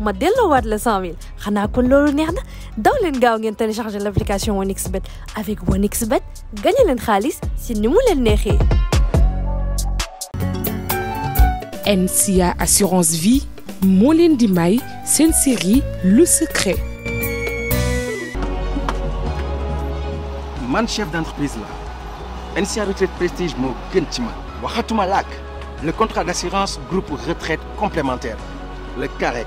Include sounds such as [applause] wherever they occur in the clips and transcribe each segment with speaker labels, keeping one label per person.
Speaker 1: ma delloowaat la 100000 100 000. Je neex na daw leen gaaw ngeen télécharger l'application application xbet avec 1xBet len leen si ni mu leen neexee.
Speaker 2: NCA assurance vie moulin leen di série le secret.
Speaker 3: man chef d'entreprise la NCA retraite prestige mo gën ci waxatuma lak. le contrat d'assurance groupe retraite
Speaker 4: complémentaire le CAREC.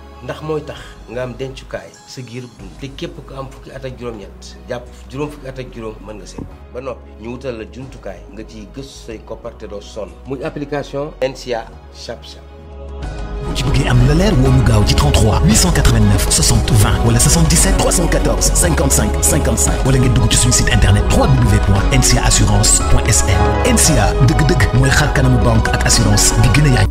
Speaker 5: ndax mooy tax nga am dencukaay sa giir dund te képp ko am fukki at ak
Speaker 6: juróom-ñett jàpp juróom fukki at ak juróom mën nga seet ba noppi ñu wutal la jumtukaay nga ciy gëstu say koppar te doo sonn muy application NCA Chapchap.
Speaker 7: bu ci bëggee am la
Speaker 5: leer woo ñu gaaw ci 33 889 60 20 wala 77 314 55 55 wala ngeen dugg ci suñu site internet www.ncaassurance.sn NCA dëgg-dëgg mooy xar kanamu banque ak assurance gi gën a yaay.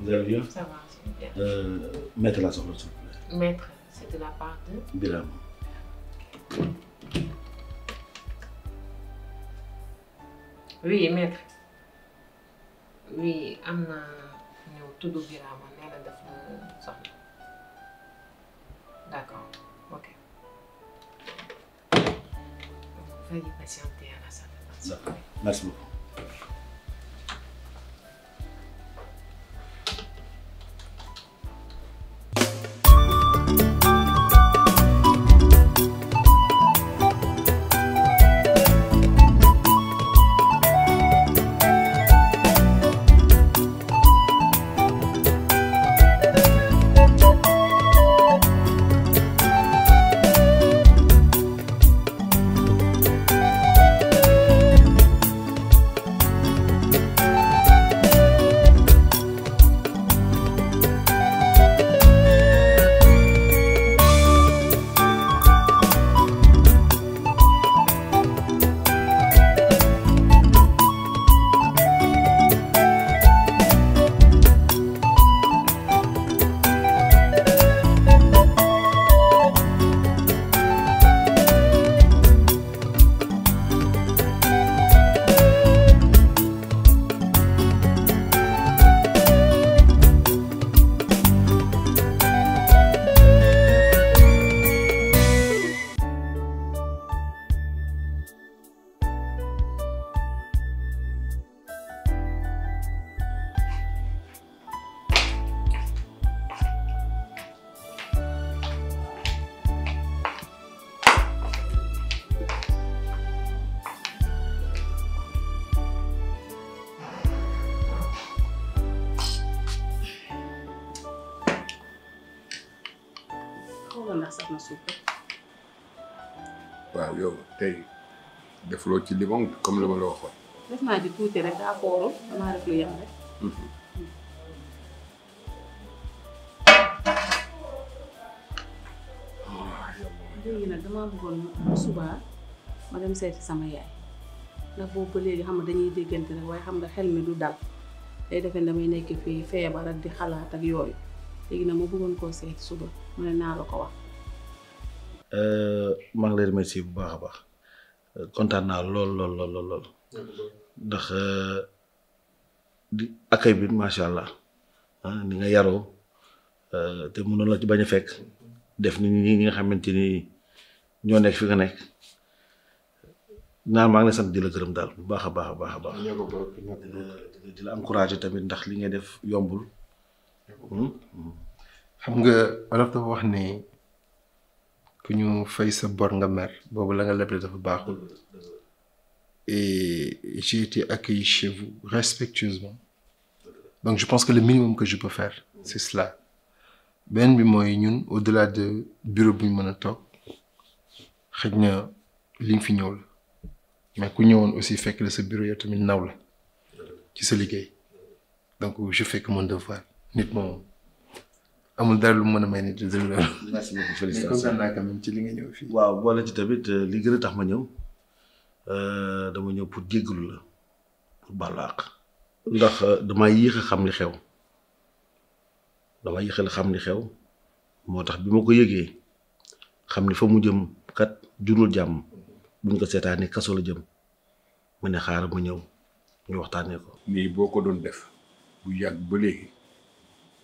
Speaker 8: Vous allez bien Ça va, c'est bien. Euh, maître la soxla s'il vous plaît. Maître, c'est de la part de Birame.
Speaker 2: oui maître. oui amna nous tout de Birame nee na de la d'accord ok. veuillez patienter à la salle.
Speaker 8: D'accord, merci beaucoup.
Speaker 4: loolu ci limon comme li ma la waxoon. def naa ci
Speaker 1: tuuti rek daa foorul damaa def lu yem rek.
Speaker 2: damaa bëggoon bu ma dem seeti sama yaay ndax boobu ba léegi xam nga dañuy déggante rek waaye xam nga xel mi du dal day defee damay nekk fii feebar ak di xalaat ak yooyu léegi nag ma bëggoon koo seeti suba mu ne naa la ko wax.
Speaker 8: Euh, maa ngi lay bu baax a baax. kontaan lol lol lol lol, lool ndax eh, di akay bi macha allah ah, ni nga yaroo eh, te mënoon la ci bañ a fekk def ni ñi nga xamante ni ñoo nekk fi nga nekk naan maa ngi lay sant di la gërëm daal bu baax a baax baax eh, di la encourager tamit ndax li ngay def yombul
Speaker 4: hmm? Hmm. xam nga olof dafa wax ni ku ñu fay sa bor nga mer bobu la nga leble dafa et j'ai été accueilli chez vous respectueusement donc je pense que le minimum que je peux faire c'est cela Ben, bi moy ñun au-delà de bureau buñ mëna tok a liñ fi ñëw mais ku ñëwoon aussi fekk le ce bureau yow tamit naw ci sa liggéey donc je fais que mon devoir nettement. amul dara lu mën a may nit di déglu. merci beaucoup félicitations
Speaker 8: ci li nga waaw boole ci tamit euh, li gën a tax ma ñëw euh, dama ñëw pour jéggalu la pour ndax euh, damay yéex xam li xew damaa yéexal xam li xew moo tax bi ma ko yëgee xam ni fa mu jëm kat jurul jàmm buñ ko seetaanee kaso la jëm ma ne
Speaker 4: xaaral ma ñëw ñu waxtaanee ko. mais boo ko doon def bu yàgg ba léegi.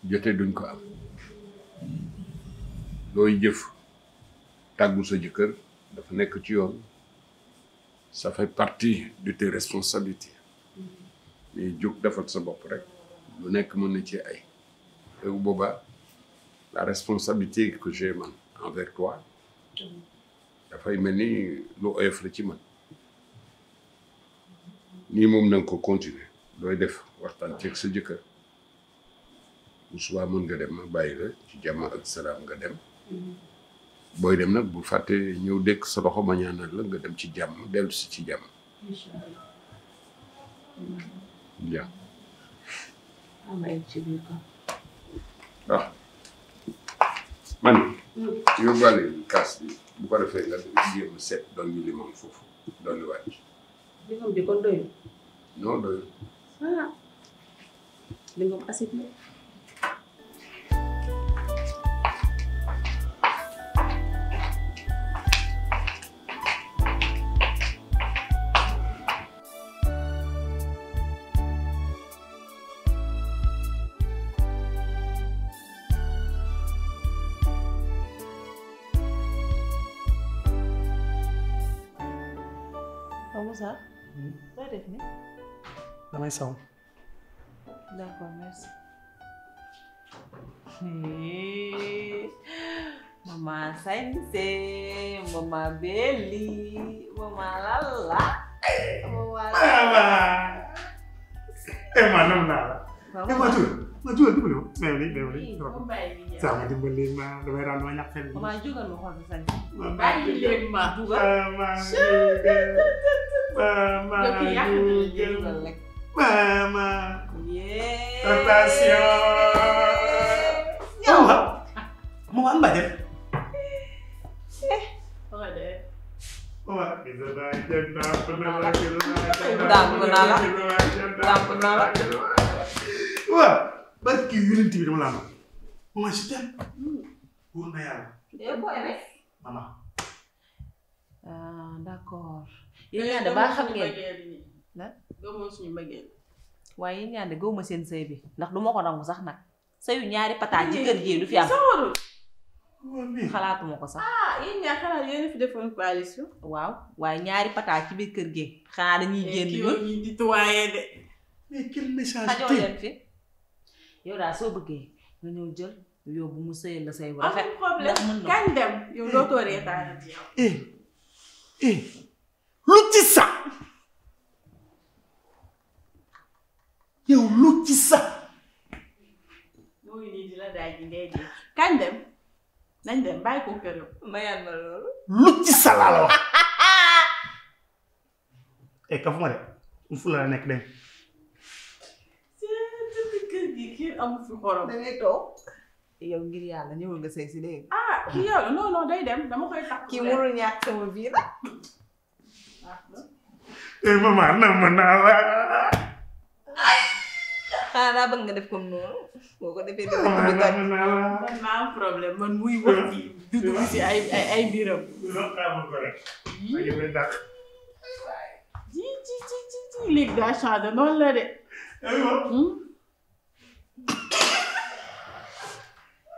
Speaker 4: jote duñ ko am looy jëf tàggu sa jëkkër dafa nekk ci yoon ça fait partie de tes responsabilités mais jóg defal sa bopp rek lu nekk mën na ci ay léegi boobaa la responsabilité que j'ai man envers toi dafay mel ni lu oyof la ci man nii moom na nga ko continuer looy def waxtaan ceeg sa jëkkër bu je mën nga dem ma bayila ci jàmm ak salam nga dem mm-hmm. boy dem nak bu faté ñëw dëkk sa loxo ma ñaanal la nga dem ci jamm del ci ci jàmm ja waaw ah. man mm. yóbbaale kaas bi bu ko defee nga jéem a set doon ñu limon foofu doon li wàcc limon
Speaker 2: bi kon non doy ah limon acide la Dá mais Também são. Da Gomes. Mamá Sensei, mamá Beli, mamá Lala, mamá Lala.
Speaker 6: Mamá! É, mas não é nada. É, mas tudo. Ya? Kan. maju kan belum Meli Meli sama di lima lebaran banyak kan maju
Speaker 2: kan ya. mau konsen
Speaker 6: maju lima juga maju maju mama rotasio
Speaker 7: mau ambak eh oh ada Wah, bisa aja, pernah lagi, Wah, barki yonent bi dama laa na
Speaker 2: yàlla ah, seen sëy bi ndax du ma ko nangu sax nag sëyu ñaari pataat ci ah, kër gi du fi am xalaatuma ko sax ah, waaw waaye ñaari pataat ci biir kër gi xanaa dañuy eh, génn
Speaker 3: ñu di fi
Speaker 2: yow daal soo bëggee nga ñëw jël yóbbu mu sëyal la say dem yow dootoo reetaan
Speaker 3: eh, eh, lu ci sax yow lu ci sax.
Speaker 2: moo nii di la daaj ji ndey dem nañ dem bàyyi ma loolu.
Speaker 8: lu ci laa la wax. [laughs] eh de mu nekk dem.
Speaker 2: amu fi xorom. da ngay yow ngir yàlla ñëwul nga sëy si ah yow non day dem dama koy takk. kii mënul ñàkk sama vie la.
Speaker 7: eh maman na ma naa la.
Speaker 2: ah daa nga def comme noonu. boo ko defee dëkk bi toj. man man muy wax di dugg si ay ay
Speaker 9: ay
Speaker 7: biiram.
Speaker 6: ci
Speaker 2: ci la de.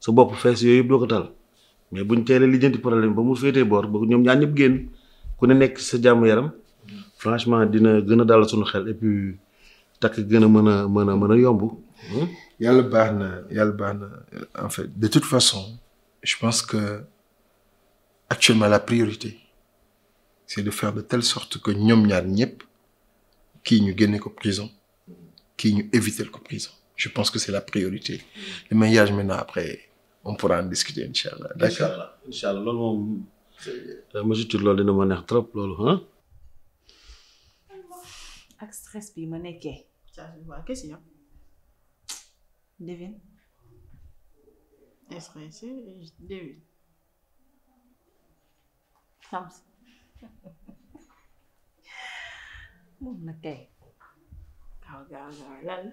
Speaker 8: su bopp fees yooyu yëpp ko tal mais buñ teelee lijjanti problème ba mu féetee boor ba ñoom ñaar ñëpp génn ku ne nekk sa jàmm yaram franchement dina gën a dal suñu xel et puis takk gën a mën a mën a mën a yomb.
Speaker 4: Hmm? yàlla baax na yàlla baax na en fait de toute façon je pense que actuellement la priorité c'est de faire de telle sorte que ñoom ñaar ñëpp kii ñu génne ko prison kii ñu éviter ko prison. Je pense que c'est la priorité. Le mariage, maintenant, après, on pourra en discuter, Inch'Allah. D'accord
Speaker 8: Inch'Allah. Inch'Allah. Euh,
Speaker 4: moi, je suis là, je suis trop Hein?
Speaker 2: Avec stress, je suis Qu'est-ce qu'il y a Devine. Stressé, Devin. devine. Sams. moom na kay. gaaw gaaw lan.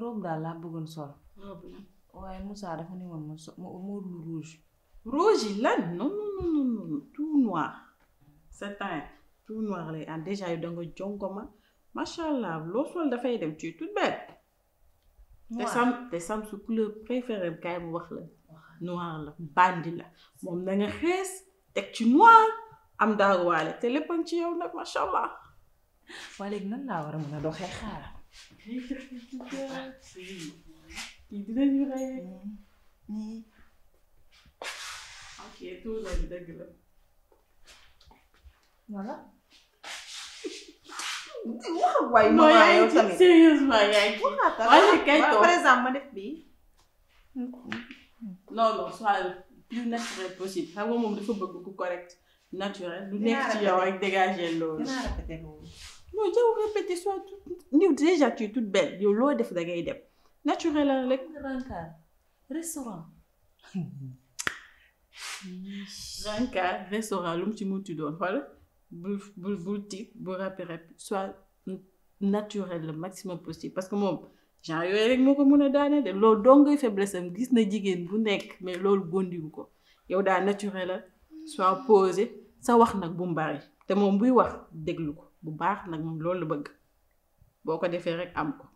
Speaker 2: robe daal laa bëggoon sol. robe la waaye Moussa dafa ne woon ma so ma wóorul rouge. rouge yi lan non non non non tout noir. satin tout noir lay am déjà yow da nga jonkoma macha allah loo sol dafay dem ci tout bête. te sam te sam su couleur préférée kay mu wax la. noir la bandi la moom na nga xees teg ci noir am daawaale te léppam ci yow nag macha allah. waa nan laa war a mën a doxee xaaral. yi nii ok tuula bi dëgg la voilà waaw waay ma yow tamit sérieusement yaay kii possible xam nga moom dafa bëgg ku correct naturel lu nekk ci yow loolu non jarul répétition nii déjà tu es toute belle yow lo def da ngay dem naturel hein, rek. Rancard restaurant. [laughs] Rancard restaurant lu tu ci munti doon xool bul bul bul type bu rap rap soit naturel le maximum possible parce que moom genre yooyu rek moo ko mën a daane de loolu doo ngay faiblesse gis na jigen bu nek mais loolu bondiwu ko yow da naturel la soit posé sa wax nag bu mbari te mom buy wax déglu ko. bu baax nag moom loolu la bëgg boo ko defee rek am ko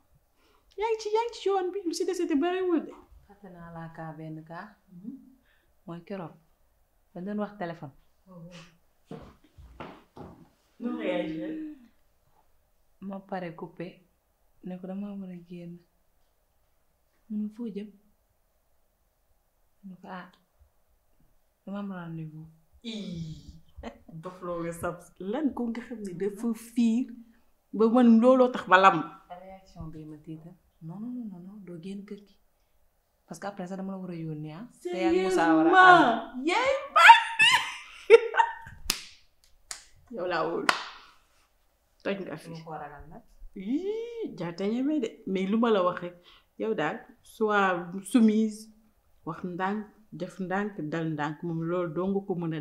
Speaker 2: yaa ngi ci yaa ngi ci yoon bi lu si desete bariwul de fàtte naa laa kaa benn kaa mhm. mooy keroog dañ doon wax téléphone ma pare coupé ne ko damaa war a génn mun foo jëm ne ko ah damaa am rendez-vous dof loo nga sab lan ko nga xam ne dafa fiir ba man looloo tax ba lam réaction bi ma tiita non non non non doo génn kër gi parce que après ça dama la war a yónnee ah te yaa ngi Moussa war a
Speaker 1: yaay bandi
Speaker 2: yow laa wóolu toj nga fi ko ragal nag yii jaata ñeme de mais lu la wax yow daal soit soumise wax ndànk def ndànk dal ndànk moom loolu doo nga ko mën a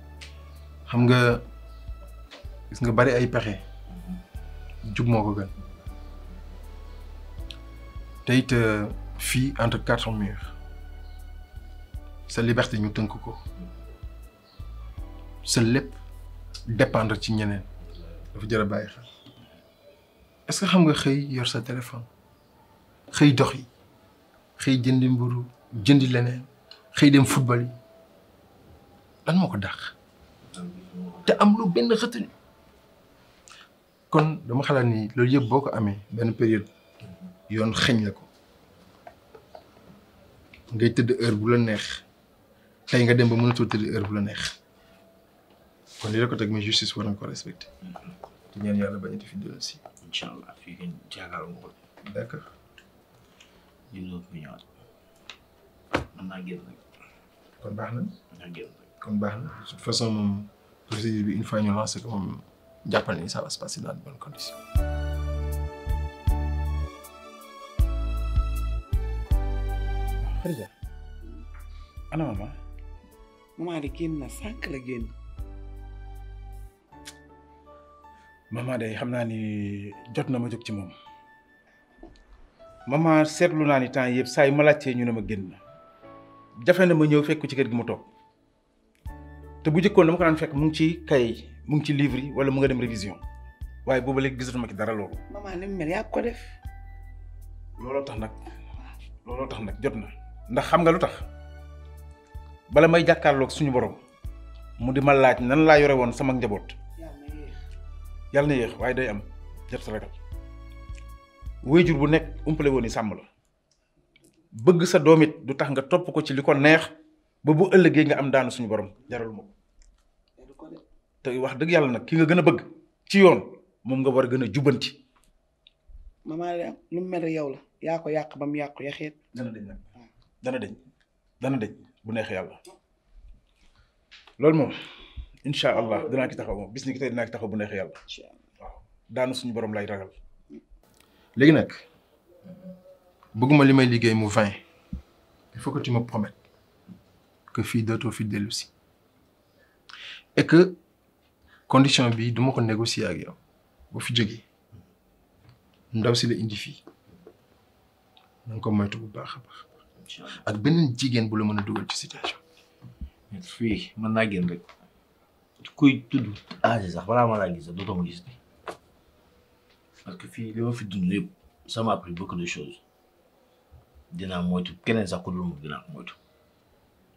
Speaker 4: xam nga gis nga bari ay pexe jub moo ko gën te euh, entre quatre murs sa liberté ñu tënk ko sa lépp dépendre ci ñeneen dafa jar a bàyyi est-ce que xam nga xëy yor sa téléphone xëy dox yi xëy jëndi mburu jëndi leneen xëy dem football lan moo ko te am lu benn xëttuñu kon dama xalaat ni loolu yëpp boo ko amee benn période yoon xëñ la ko ngay tëdd heure bu la neex tey nga dem ba mënatoo tëdd heure bu la neex kon li la ko teg mais justice war na ko respecté te ñaan yàlla bañati fi dellu si incha allah fii ngeen nga ko d'accord li loolu
Speaker 5: baax na kon baax
Speaker 4: toute façon moom procédure bi une fois ñu lancé ko moom ni ça va se passer dans de bonnes
Speaker 3: mama.
Speaker 6: maman de génn na sànq la génn.
Speaker 3: Mama de xam ni jot na ma jóg ci moom. ni temps yëpp saa na na ma ñëw fekk ci te bu jëkkoon dama ko daan fekk mu ngi ci kay mu ngi ci livre yi wala mu nga dem révision waaye boobu léegi gisatuma ci dara loolu.
Speaker 6: maman ni mu mel yaa ko
Speaker 3: looloo tax nag looloo tax nag jot na ndax xam nga lu tax bala may jàkkaarloog suñu borom mu di ma laaj nan laa yore woon sama njaboot. yàlla na yéex waaye day am jot sa ragal wéyjur bu nekk umpale woon ni sàmm la bëgg sa doomit du tax nga topp ko ci li ko neex ba bu ëllëgee nga am daanu suñu borom jaralu ma ko te wax dëgg yàlla nag ki nga gën a bëgg ci yoon moom nga war a gën a jubbanti
Speaker 6: maman de nu mu mel yow la yaa yàq ba mu yàqu yaxeet. dana dëñ nag dana
Speaker 3: dana dëñ bu neexee yàlla loolu moom incha allah taxaw bis ni ki taxaw bu neexee yàlla waaw daanu suñu borom lay ragal. léegi
Speaker 4: nag bëgguma li may liggéey mu vingt que fi dootoo fi dellu si et que condition bi du ma ko négocier ak yow bu fi jógee ndaw si la indi fii na ko moytu bu baax baax ak benen jigéen bu la meuna dougal ci situation. fii mën naa génn rek kuy tudd
Speaker 5: âge sax wala ma la gis sax dootoo ma gis nii parce que fi li fi dund yëpp ça m'a appris beaucoup de choses dina moytu kenen sax ko dul dina moytu.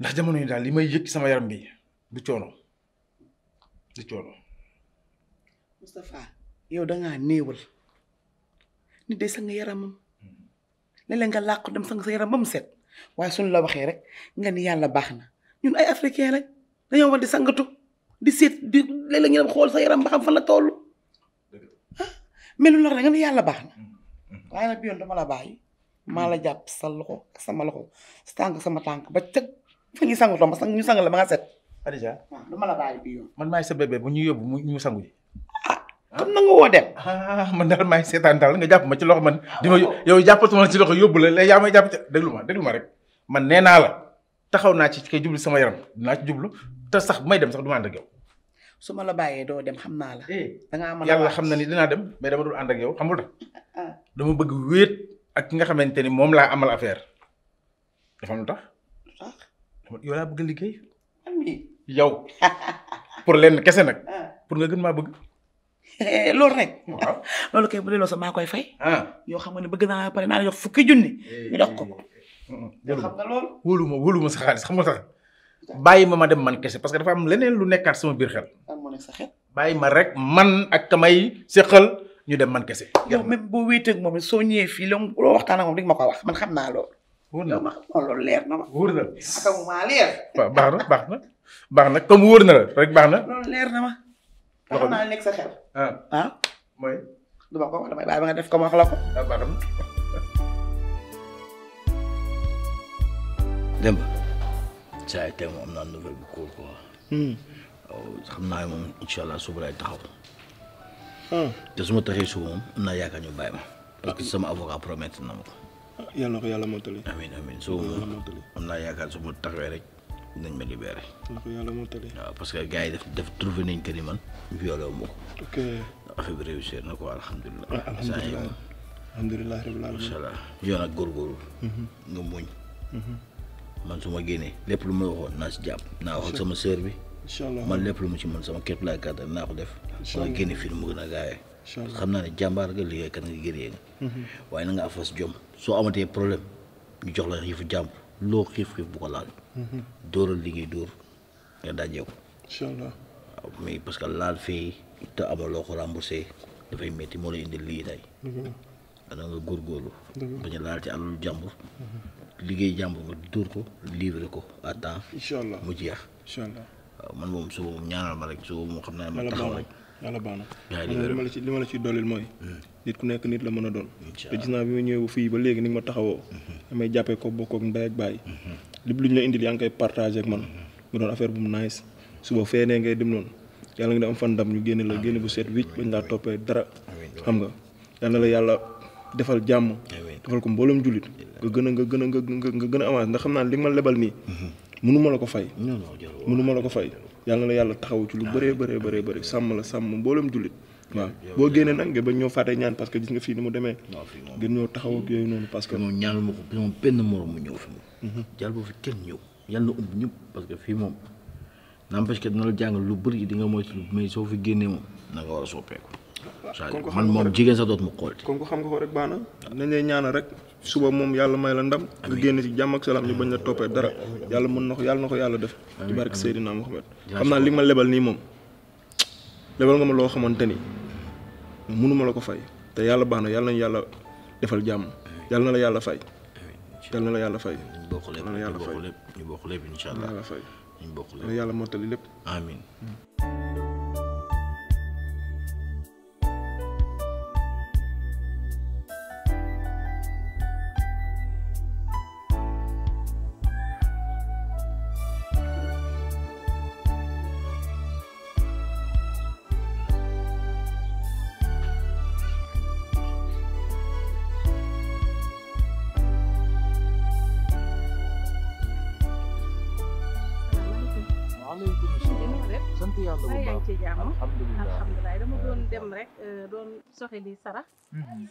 Speaker 3: ndax jamono yi daal li may yëg ci sama yaram bi du coono du coono.
Speaker 6: Moustapha yow da ngaa néewal nit day sang yaramam léeg-léeg nga dem sang sa yaram ba mu set waaye suñu la waxee rek nga ni yàlla baax na ñun ay africain rek dañoo sangatu di seet di léeg xool sa yaram ba xam fan la toll ah melu la nga ni baax na mm, mm. waaye dama la bàyyi maa la jàpp sa loxo sama loxo sa tànk sama tànk ba teg. fa ñu sangu tomb sang ñu sang la ma nga set. Adja du ma la bàyyi bi man may sa bébé bu ñu
Speaker 3: yóbbu mu ñu sangu yi. comme na nga wo dem. ah man dal may setan dal nga japp ma ci loxo man. dima ma yow jàppatuma la ci loxo yóbbu la léegi yaa may jàpp ci déglu ma déglu ma rek man neena la taxaw na ci kay jublu sama yaram na ci jublu ta sax may dem sax duma andak yow. suma la
Speaker 6: baye do dem xamna la. da nga
Speaker 3: mën yalla xamna ni dina dem may dama dul andak yow xamul nga dama bëgg wéet ak ki nga xamanteni mom la amal affaire dafa lutax yow la bëgg liggéey. yow pour lenn kese nag. Ah. pour nga gën maa bëgg.
Speaker 6: [laughs] loolu rek. waaw [laughs] loolu kay bu delloo sax maa koy fay. Ah. yoo xam ne bëgg naa la pare naa la jox fukki junni.
Speaker 3: Eh, ñu dox ko ko. Eh, eh, xam sa xaalis xam nga sax bàyyi ma ma dem man kese parce que dafa am leneen lu nekkaat sama biir xel. bàyyi ma rek man ak kamay seqal ñu dem man kese. yow même boo wéeteeg moom
Speaker 6: soo ñëwee fii loo waxtaan ak moom rek ma ko wax man xam naa loolu. wóor na ma xam loolu leer na leer. baax na baax na baax na comme na la baax na. loolu leer na ma. loxo bi nekk sa ah ah du ma ko wax damay bàyyi ba def ko wax la ko. Ah, baax na. [laughs]
Speaker 5: Demba. saa yi tey moom hmm. oh, xam naa moom incha allah suba taxaw. Hmm. te su ma taxee suba moom am naa yaakaar ñu ma. parce que sama avocat na ma
Speaker 7: yàlla na ko motali amin amin amiin su motali
Speaker 5: am naa yaakaar su ma taxawee rek dinañ ma libéré.
Speaker 7: na ko yàlla motali waaw
Speaker 5: parce que gars yi daf daf trouvé nañ que ni man violé wu ok affaire bi na ko alhamdulilah. alhamdulilah
Speaker 7: alhamdulilah rabbil alamin macha allah yow ya,
Speaker 5: nag góorgóorlu. Mhm. nga muñ. Mhm. man su ma génnee lépp lu ma waxoon naa si jàpp. na wax sama sœur bi. incha allah man lépp lu mu ci mën sama képp laa kàttan naa ko def. incha allah film mu gën a gaawee. xam naa ne jàmbaar nga liggéeykat nga gëree
Speaker 7: nga.
Speaker 5: na nga afas jom. soo amatee problème ñu jox la xiifu jàmm loo xiif xiif bu ko laal. Mhm. dóoral li dóor nga dajee ko. incha allah que laal fee te amaloo ko remboursé dafay métti moo lay indil lii tey. Mhm. da nga góorgóorlu. bañ a laal ci alalu jàmbur. Mhm. liggéey jàmbur nga dóor ko livré ko à mu jeex. incha allah waaw man moom suba moom ñaanal ma rek suba moom xam naa na taxaw rek.
Speaker 7: yàlla baax na li ma la ci li ma la ci dooleel mooy hmm. nit ku nekk nit la mën a doon te gis naa bi ma ñëw fii ba léegi ni ma taxawoo hmm. damay jàppee ko bokk ak ndey ak bàyyi hmm. lépp lu ñu la indil yaa ngi koy partagé ak man mu doon affaire bu mu nice suba feenee ngay dem noonu yàlla nga am fan ndam ñu génne la génne bu seet wicc bañ laa toppee dara xam nga yàlla la yàlla defal jàmm defal ko mbooloom jullit nga gën nga gën a nga nga gën a avance ndax xam naa li ma lebal nii mënu la ko fay mënu ma la ko fay yalla la yalla taxaw ci lu bëré ah. bëré bëré bëré sam la sam mbolam julit ya, wa bo génnee nak nga ba ñoo fàtte ñaan parce que gis nga fi ni mu démé
Speaker 5: gën ñoo taxaw ak yoy non parce que moom ñaanal mako ko moom benn morom mu ñoo fi moom mhm. jàll boo fi kenn ñoo yalla na ñup parce que fi mom nam parce que dina la jàngal lu bëri di nga moy ci lu mais so fi génnee mo na nga wara soppé ko man mom jigen sa dot mu xool
Speaker 7: kon ko xam nga ko rek baana nañ lay ñaanal rek suba moom yàlla may la ndam nga génn si jàmm ak salaam ñu bañ la toppee dara yàlla mën na ko yàlla na ko yàlla def ci barke Seydina Muhammad xam naa li ma lebal nii moom lebal nga ma loo xamante ni mënu ma la ko fay te yàlla baax na yàlla nañu yàlla defal jàmm yàlla na la yàlla fay yàlla na la yàlla fay ñu bokk lépp ñu bokk lépp incha allah ñu bokk lépp yàlla mottali lépp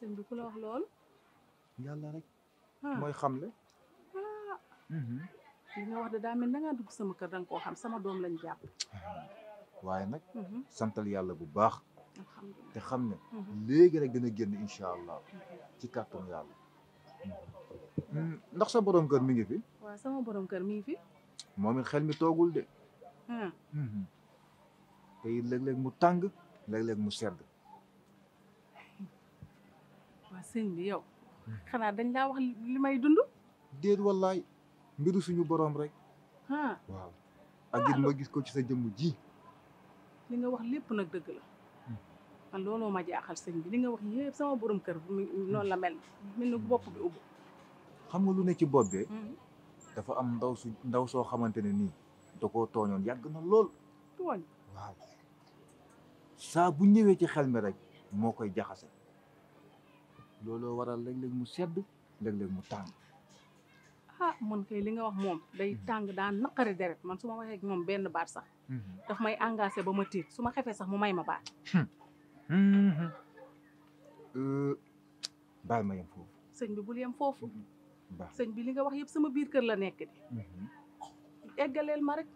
Speaker 2: سين بكل أهلول يلا رك ما
Speaker 9: يخمل لا
Speaker 2: لأن واحدة دائما نعى دوك سما كردن كو خم سما دوم لين جاب
Speaker 9: وينك سنتلي يلا ببخ تخمل ليه غيرك دنا جن إن شاء الله تكاتم يلا نخس برام كرمي في
Speaker 5: واسما
Speaker 2: برام كرمي في
Speaker 9: ما من خل متوغل ده هم هم هي لغلغ متانغ لغلغ مسرد
Speaker 2: sëñ bi yow. Hmm. xanaa dañ laa wax li may dund.
Speaker 9: déet wallaay mbiru suñu boroom rek. waaw ak it ma gis ko ci sa jëmm ji.
Speaker 2: li nga wax lépp nag dëgg la. Hmm. man sëñ bi li nga wax sama borom kër noonu
Speaker 9: xam nga lu ne ci bopp bi. Hmm. dafa am ndaw ndaw soo xamante ne nii da koo tooñoon yàgg na lool. tooñ saa bu ñëwee ci xel mi rek moo koy jaxase. Lolo waral léeg-léeg mu sedd leg leg mu tang
Speaker 2: ah mon kay li nga wax mom day hmm. tang da nakari deret man suma waxe ak mom benn baat sax. daf may engagé ba ma hmm. hmm. eh, tit suma xefe sax mu may ma baat.
Speaker 9: baal ma yam fofu
Speaker 2: señ bi bul yam fofu señ bi li nga wax yeb sama biir kër la nek di eggaleel ma rek.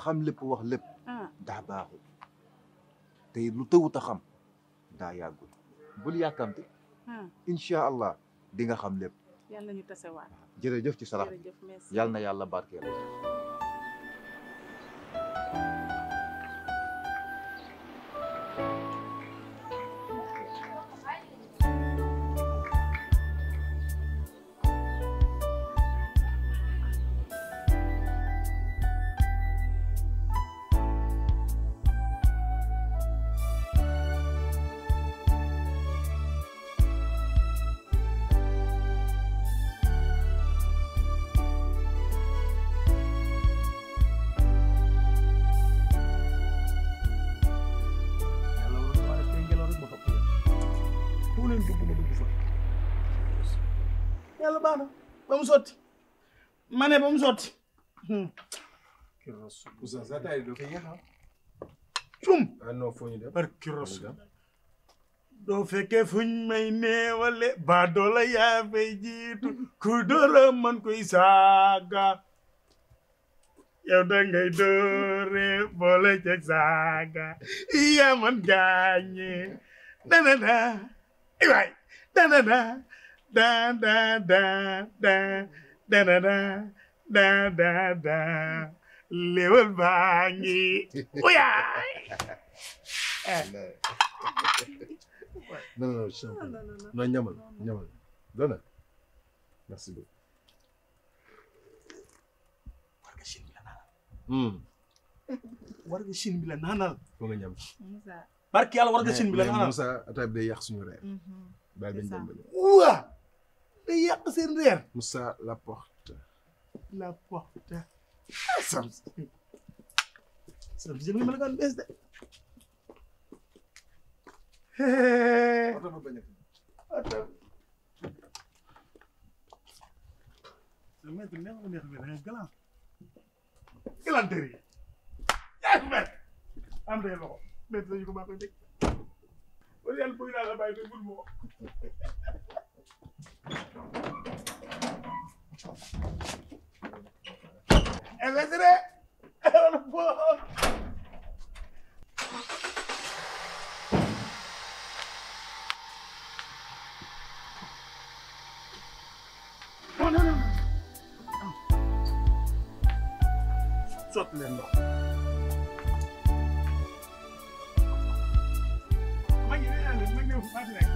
Speaker 9: xam eh, lepp wax lepp ah. da baaxu tay lu teewu ta xam da yagul bul yàkkamti hmm. incha allah di nga xam lépp.
Speaker 2: yàlla ñu tasewaat.
Speaker 9: jërëjëf ci sarax yàlla na yàlla barkeel.
Speaker 3: yàlla baax na ba mu sotti
Speaker 6: ma ne ba mu sotti. Hmm. cum.
Speaker 4: ah non foo ñu def fuñ may
Speaker 7: neewale ba doola yaa fay jiitu ku doora man koy saaga yow da ngay doore boole ceg saaga yaa man gaañe danada iwaay
Speaker 6: danada da da da da da da da da da da léwal baa ngi
Speaker 7: uyaay
Speaker 9: oh, eh. non non non ñamal
Speaker 4: ñamal dona merci beaucoup hmm.
Speaker 3: warga sin bi la naanal warga sin eh, bi la naanal
Speaker 4: foo nga ñam barki yàlla warga sin bi la naanal Moussa ataab day yàq suñu reer baal bañ dem ba
Speaker 3: waa day yàq seen reer.
Speaker 4: Moussa Laporte.
Speaker 3: Laporte ah
Speaker 4: Sam. Sam jël nga mel ni bees
Speaker 3: de.
Speaker 7: maître neex na neex bi da nga galant galanterie yi yaa ngi maître am tey loxo maître dañu ko baax koy dégg wala yàlla bëgg naa la bàyyi koy bul Evet re.
Speaker 6: Sot len do.
Speaker 3: Magi, magi, magi, magi, magi.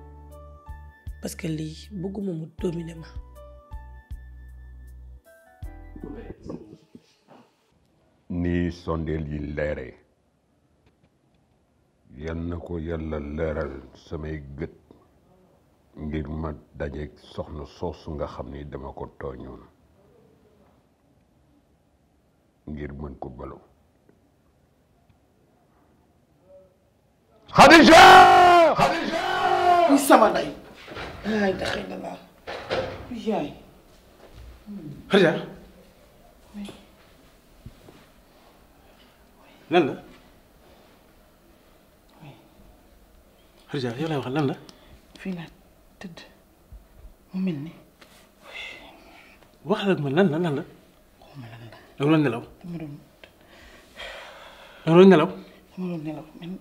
Speaker 2: parce que lii bëgguma mu dominer ma.
Speaker 4: ni sondeel yi leere yal na ko yàlla leeral samay gët ngir ma daje soxna soosu nga xam ni dama ko tooñoon ngir mën ko balu
Speaker 6: Xadija Xadija sama ndey هاي دخل الله وياي
Speaker 3: رجع لن لا رجع يلا يا لن لا فينا تد مو مني وحدك من لن لن لن لو لن لو لو لن لو
Speaker 6: لو لن لو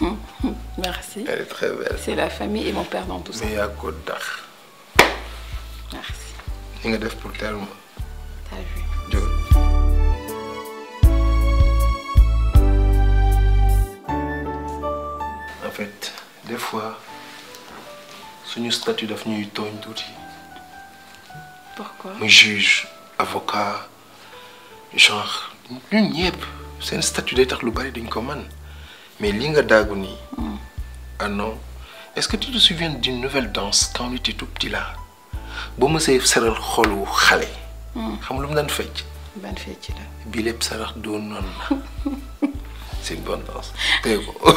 Speaker 4: Hein.
Speaker 2: [laughs] Merci. Elle est très belle. C'est la famille et mon père dans tout ça. Mais
Speaker 4: Merci. li def pour tellement. T'as vu. en fait des fois nouveau statut daf ñuy tooñ temps. pourquoi Un juge avocat genre C'est c'est un statut d'être le lu d'une commande. Mais Linga Daguni, mm. ah non, est-ce que tu te souviens d'une nouvelle danse quand on était tout petit là Bon, je sais que c'est le rôle où Khalé. Tu sais que fait Ban fecc la. Bi lépp sarax doon noonu [laughs] C'est une bonne danse. T'es bon. [laughs]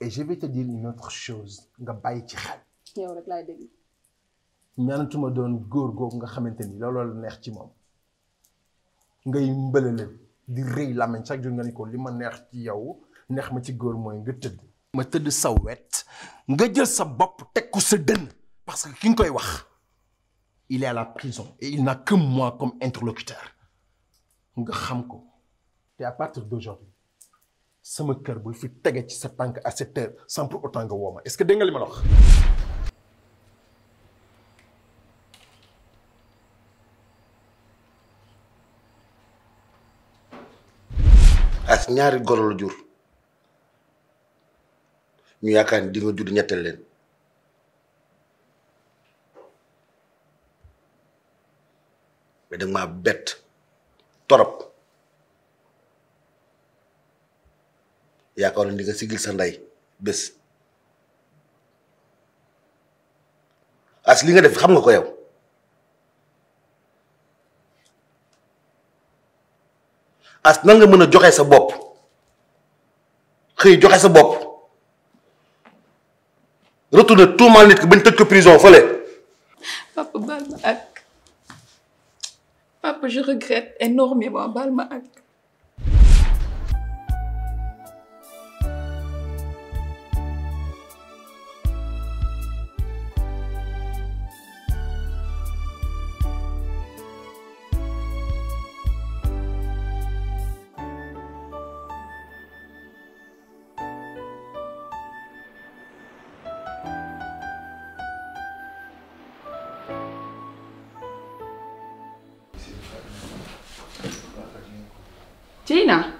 Speaker 4: et je vais te dire une autre chose nga bàyyi ci xel.
Speaker 2: yow rek laay dégg.
Speaker 4: ñaanatuma doon góor googu nga xamante ni looloo la neex ci moom ngay mbëlele di rëy làmmiñ chaque jour nga ni ko li ma neex ci yow neex ma ci góor mooy nga tëdd. ma tëdd sa wet nga jël sa bopp teg sa dënn parce que ki nga koy wax il est à la prison et il n'a que moi comme interlocuteur nga xam ko te à partir d'aujourd'hui sama kër bu fi tégué ci sa tank à cette heure sans pour autant nga woma est ce que dégg
Speaker 8: ma wax as ñaari golo jur ñu yakkan di nga jur ñettal len mais danga maa bett torop Et na nga sigil sa ndey bés as li nga def xam nga ko yow as nan nga mën joxe sa bopp xëy joxe sa bopp prison papa
Speaker 2: Bal papa je regrette énormément Bal ma Gina,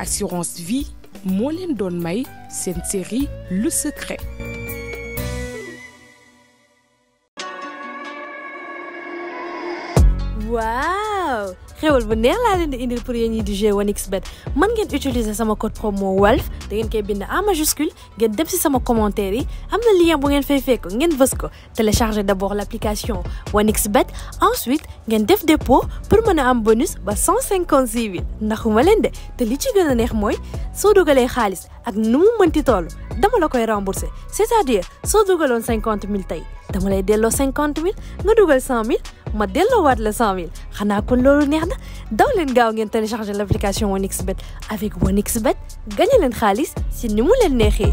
Speaker 2: assurance vie Moulin Donmai, sainte le secret
Speaker 1: offal bu neex laa leen di indil pour yéen ñi di jouer 1xbet mën ngeen utiliser sama code promo WALF da ngeen koy bind A majuscule ngeen dem si sama commentaire yi am na lien bu ngeen fay fekk ngeen bës ko télécharger d'abord l'application 1xbet ensuite ngeen def dépôt pour mën a am bonus ba 156 000 ndaxuma leen de te li ci gën a neex mooy soo dugalee xaalis ak nu mu mënti toll dama la koy rembourser c'est-à-dire soo dugaloon 50 000 tey dama lay delloo 50 000 nga dugal 100 000 وما دير له واد 100000 خلينا نكون لو نعنا داول نقاو انت تيليشارج لابليكاسيون ونكسبت افيك ونكسبت قليل خالص نمول النخي